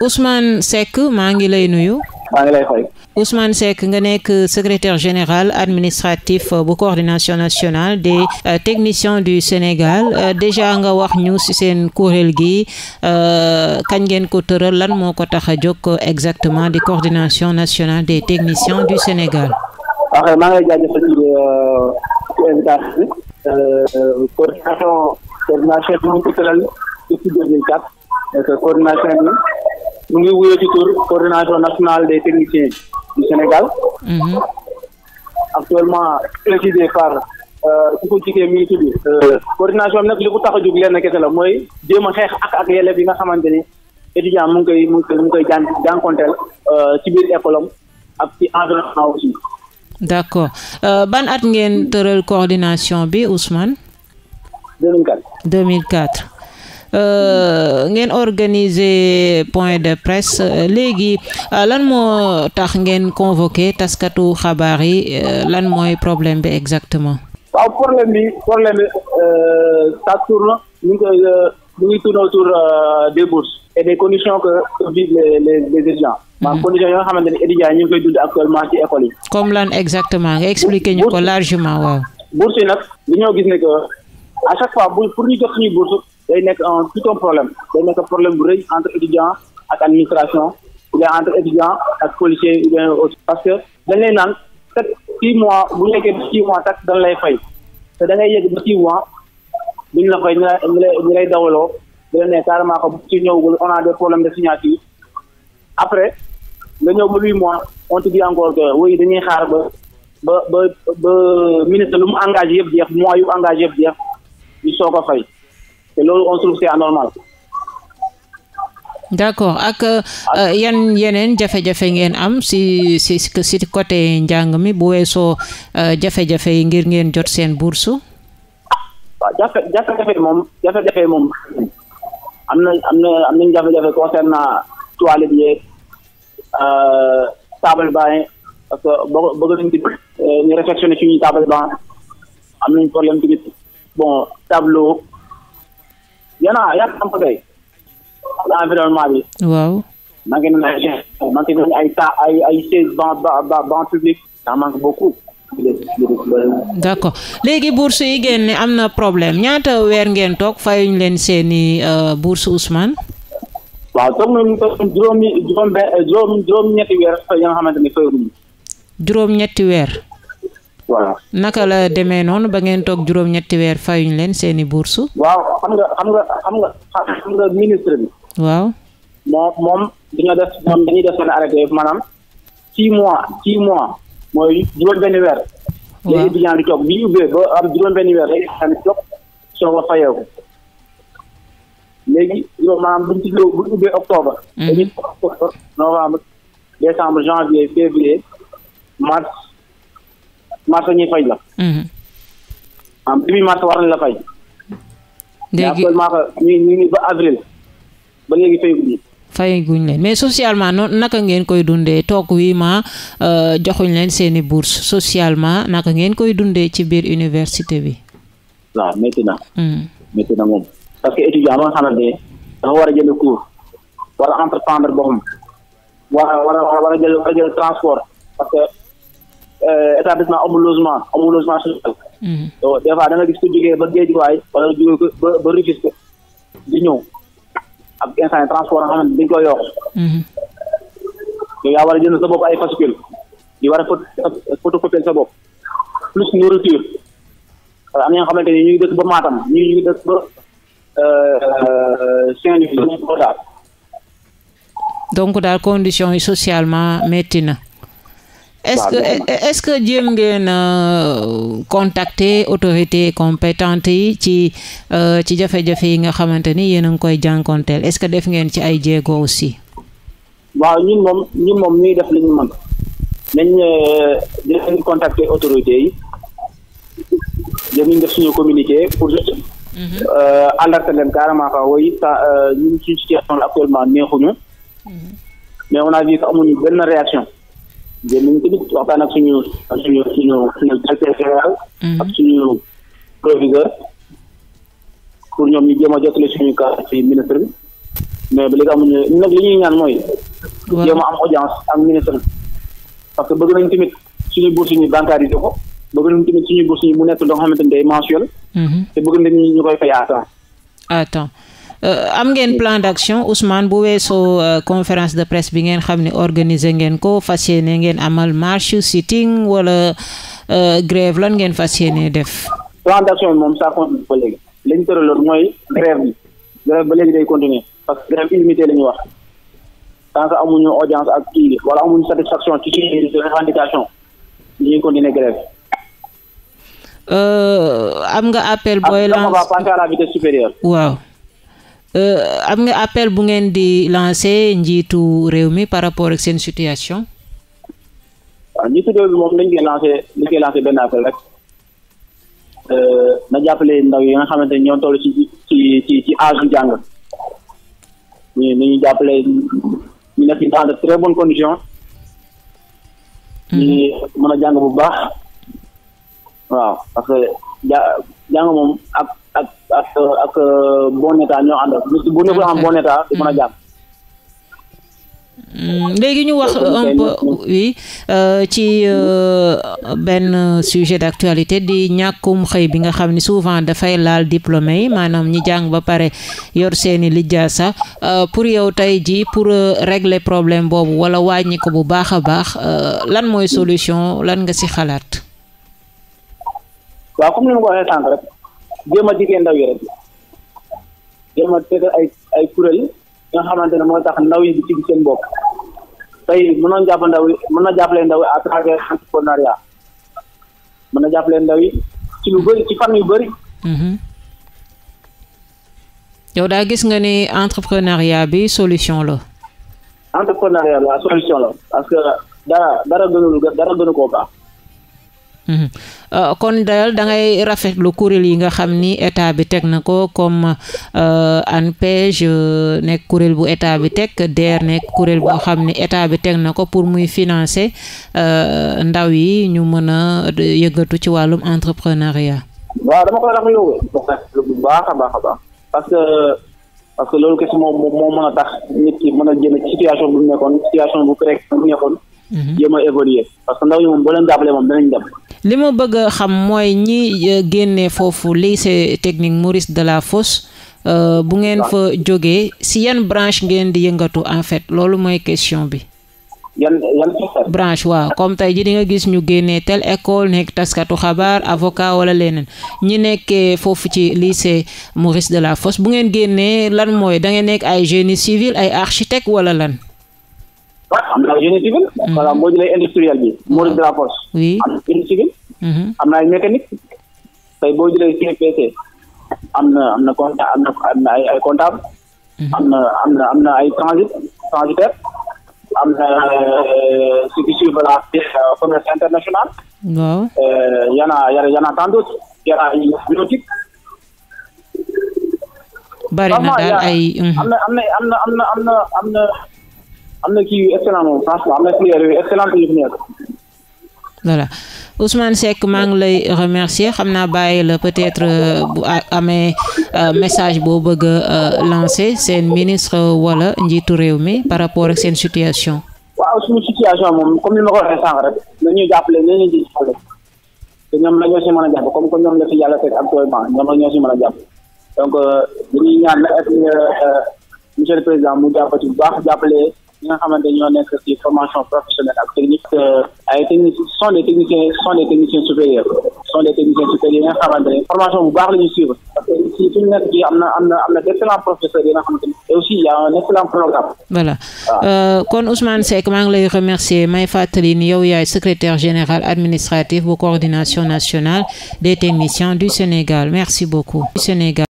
Ousmane Seck maa ngi lay nuyu. maa ngi nga nekk secrétaire général administratif euh, bu coordination nationale des euh, techniciens du Sénégal euh, déjà nga wax ñu si seen kuréel gi kañ ngeen ko tëral lan moo ko tax a jóg exactement di coordination nationale des techniciens du Sénégal. Ah, mu ngi wuyoo ci tur coordination nationale des techniciens du Sénégal. Mhm. actuellement présidé par su ko jigee mi ngi tudd. Euh, coordination bi nag li bu tax a jóg lenn kese la mooy jéem a xeex ak ak yelleef yi nga xamante ni étudiant mu ngi koy mu ngi koy mu jàn jànkonteel euh, ci biir école ak ci environnement aussi. d'accord euh, ban at ngeen tëral coordination bi Ousmane. 2004 2004. Euh, ngeen organiser point de presse euh, léegi euh, lan moo tax ngeen convoqué taskatu xabaar yi lan mooy problème bi exactement. waaw problème bi problème bi ça tourne ñu ngi koy ñu ngi tourne autour des bourses et des conditions que vivent les les les étudiants. Mhm. maanaam conditions yoo xamante ne ñu ngi koy dund actuellement ci école yi. comme lan exactement nga expliqué ñu ko largement waaw. bourses yi nag dañoo gis ne à chaque fois pour ñu jot suñu bourse day nekk un tout un problème day nekk problème bu rëy entre étudiant ak administration ou bien entre étudiant ak policier ou bien autre parce que dañ lay naan chaque six mois bu nekkee si mois tax dañ lay fay te da ngay yegg ba six mois duñ la fay ñu lay ñu lay dawaloo di la ne carrément bu ci ñëwul on a des problèmes de signature après nga ñëw ba huit mois on te dit encore que oui dañuy xaar ba ba ba ba ministre lu mu engagé yëpp jeex mois yu engagé yëpp jeex ñu soog a fay. te loolu on trouve c'est anormal. d'accord ak euh, yan yeneen jafe-jafe ngeen am si si si côté njàng mi bu weesoo uh, jafe-jafe yi ngir ngeen jot seen bourse. waaw jafe jafe moom jafe-jafe moom am na am na am nañ jafe-jafe concernant toilette yeeg euh, table bain parce que boo bëgg nañ ci euh, ñu réfectionné suñuy table bain am nañ problème tamit bon tableau yéen a yaa xam ko ay manqué nañu ay ta ay ay léegi bourse yi ngeen am na problème ñaata weer ngeen toog fayuñ leen seeni euh, bourse Ousmane. waaw toog nañu toog juróomi juróom benn juróom juróom ñetti weer juróom ñetti weer. voilà. naka la demee noonu ba ngeen toog juróom-ñetti weer fayuñ leen seeni i waaw xam nga xam nga xam nga xam nga ministre bi. waaw. moom moom def moom dañuy def seen arrêté maanaam six mois six mois mooy juróom-benni weer. waaw léegi étudiant di juróom-benni weer léegi étudiant di toog soog a mhm. octobre. novembre décembre janvier février mars. mars ñuy fay la. Mhm. am début mars war nañ la fay. léegi ba avril ba léegi fayaguñ. fayaguñ leen mais socialement noonu naka ngeen koy dundee toog wii ma euh, joxuñ leen seen i bourse socialement naka ngeen koy dundee ci biir université bi. waaw métti mhm. na. moom parce que étudiant ba nga xamante dafa war a jël cours war a entreprendre boppam war war a war a jël transport parce que. Euh, établissement amul logement social. Hmm. donc des fois da nga ba géej wala jógee ba ba di ñëw ak instant yi transport nga xam ne dañ koy yokk. Hmm. war a jënd sa sa bopp plus nourriture parce xamante ni ñu dëkk ba Matam ñu dëkk ba euh, Saint-Louis. daal conditions socialement métti est-ce que est-ce que jéem ngeen euh, contacter autorités compétentes yi ci euh, ci jafe-jafe yi nga xamante ni yéen a ngi koy jànkonteel est-ce que def ngeen ci ay jéego aussi. waaw ñun moom ñun moom ñuy def li ñu mën nañ euh, dinañ yi dinañ def suñu communiqué pour. Mhm. alerter leen carrément quoi oui ça ñun neexuñu. Mhm. mais on a vu que amuñu benn réaction. génn nañu tamit waxtaan ak suñu ak suñu suñu suñu directeur général ak suñu proviseur pour ñoom ñu jéem a jottali suñu cas ci ministre bi mais ba léegi amuñu nag li ñuy ñaan mooy jéem a am audience ak ministre parce que bëgg nañ tamit suñu bourse ñu bancarisé ko bëgg nañ tamit suñu bourse ñu mu nekk loo xamante ni day mensuel te bëgg nañ ñu koy fay à Euh, am ngeen plan d'action Ousmane bu weesoo euh, conférence de presse bi ngeen xam ne organiser ngeen ko fas yéene ngeen amal marche sitting wala euh, grève lan ngeen fas yéene def. plan d'action bi moom sa continue ba léegi mooy grève bi grève ba léegi day continuer parce que grève illimité la ñuy wax tant que amuñu audience ak kii bi wala amuñu satisfaction ci kii revendication ñu continuer grève. am nga appel. booy la vitesse supérieure. waaw. Euh, am nga appel bu ngeen di lancé njiitu réew mi par rapport ak seen situation. waaw njiitu réew mi moom dañ koy lancer dañ benn appel rek euh, na jàppale ndaw yi nga xamante ne ñoo toll ci ci ci ci âge bu jàng ñu ñu jàppale ñu nekk dans de très bonnes mm-hmm. mën a jàng bu baax. waaw parce que a jàng. Mm. Mm. léegi ñu wax un peu oui euh, ci euh, benn sujet d'actualité di ñàkkum xëy bi nga xam ni souvent dafay laal diplômé yi maanaam ñi jàng ba pare yor seeni lijjaasa euh, pour yow tey ji pour régler problème boobu wala wàññi ko bu baax a baax lan mooy solution lan nga si xalaat. waaw comme ni mu ko waxee sànq rek jéem a jigéen ndaw yi rek jéem a tëdd ay ay kuréel nga xamante ne mooy tax ndaw yi di ci seen bopp tey mënoo jàpp ndaw yi mën na jàppale ndaw yi à travers entrepreneuriat mën na jàppale ndaw yi ci lu bëri ci fan yu bëri. Mhm. yow daa gis nga ni entrepreneuriat bi solution la. entrepreneuriat la solution la parce que dara dara gënul dara gënu koo baax. Euh, kon daal da ngay rafetlu kuréel yi nga xam ni état bi teg na ko comme euh, ANPEJ euh, nekk kuréel bu état bi teg DER nekk kuréel boo xam ni état bi teg na ko pour muy financer ndaw yi ñu mën a yëngatu ci wàllum entrepreneuriat. waaw dama koy rafetlu bu baax a que parce que loolu kese moom moo mën mën a jënd situation bu nekkoon situation bu précaire bu nekkoon. Mhm. jéem a évoluer ndaw yi moom boo leen moom danañ dem. li ma bëgg xam mooy ñi e, génnee foofu lycée technique Maurice Delafosse e, bu ngeen fa jógee si yan branche ngeen di yëngatu en fait loolu mooy question bi. branche waaw comme tey ji di nga gis ñu génnee tel école nekk taskatu xabaar avocat wala leneen ñi nekkee foofu ci lycée Maurice Delafosse bu ngeen génnee lan mooy da ngeen nekk ay génie civil ay architecte wala lan. Ah, am na mm-hmm. industriel bi. Maurice Delafosse. oui am na am na ay mécanique tey boo jëlee CPC am na am na compta am na am na ay ay comptable am na am na am na ay transit transitaire am na ceux qui suivent la commerce international waaw yana yana tant d'autres yana ay bureautique bari na daal ay am na am na am na am na am na am na kii yu excellent moom franchement am na filière yu excellent yu fi nekk voilà Ousmane Seck maa ngi lay remercier xam naa bàyyi la peut euh, bu amee euh, message boo bëgg a euh, lancer seen ministre wala njiitu réew mi par rapport ak seen situation. waaw suñu situation moom comme ni ma ko waxee sànq rek nañu jàppale nañu leen di jàppale te ñoom la ñoo si mën a jàpp comme que ñoom la fi yàlla fekk actuellement ñoom la ñoo si mën a jàpp donc dañuy ñaan nag ak président mu jàppati baax jàppale. ñi nga xamante ñoo nekk ci formation professionnelle ak technique euh, sont des techniciens sont des techniciens supérieurs sont des techniciens supérieurs yi formation bu baax la suivre parce que si fi ñu nekk ci am na am na am na d'excellents professeurs y a un euh, kon Ousmane Seck maa ngi lay remercier may fàttali ni yow yaay secrétaire général administratif bu coordination nationale des techniciens du Sénégal merci beaucoup Sénégal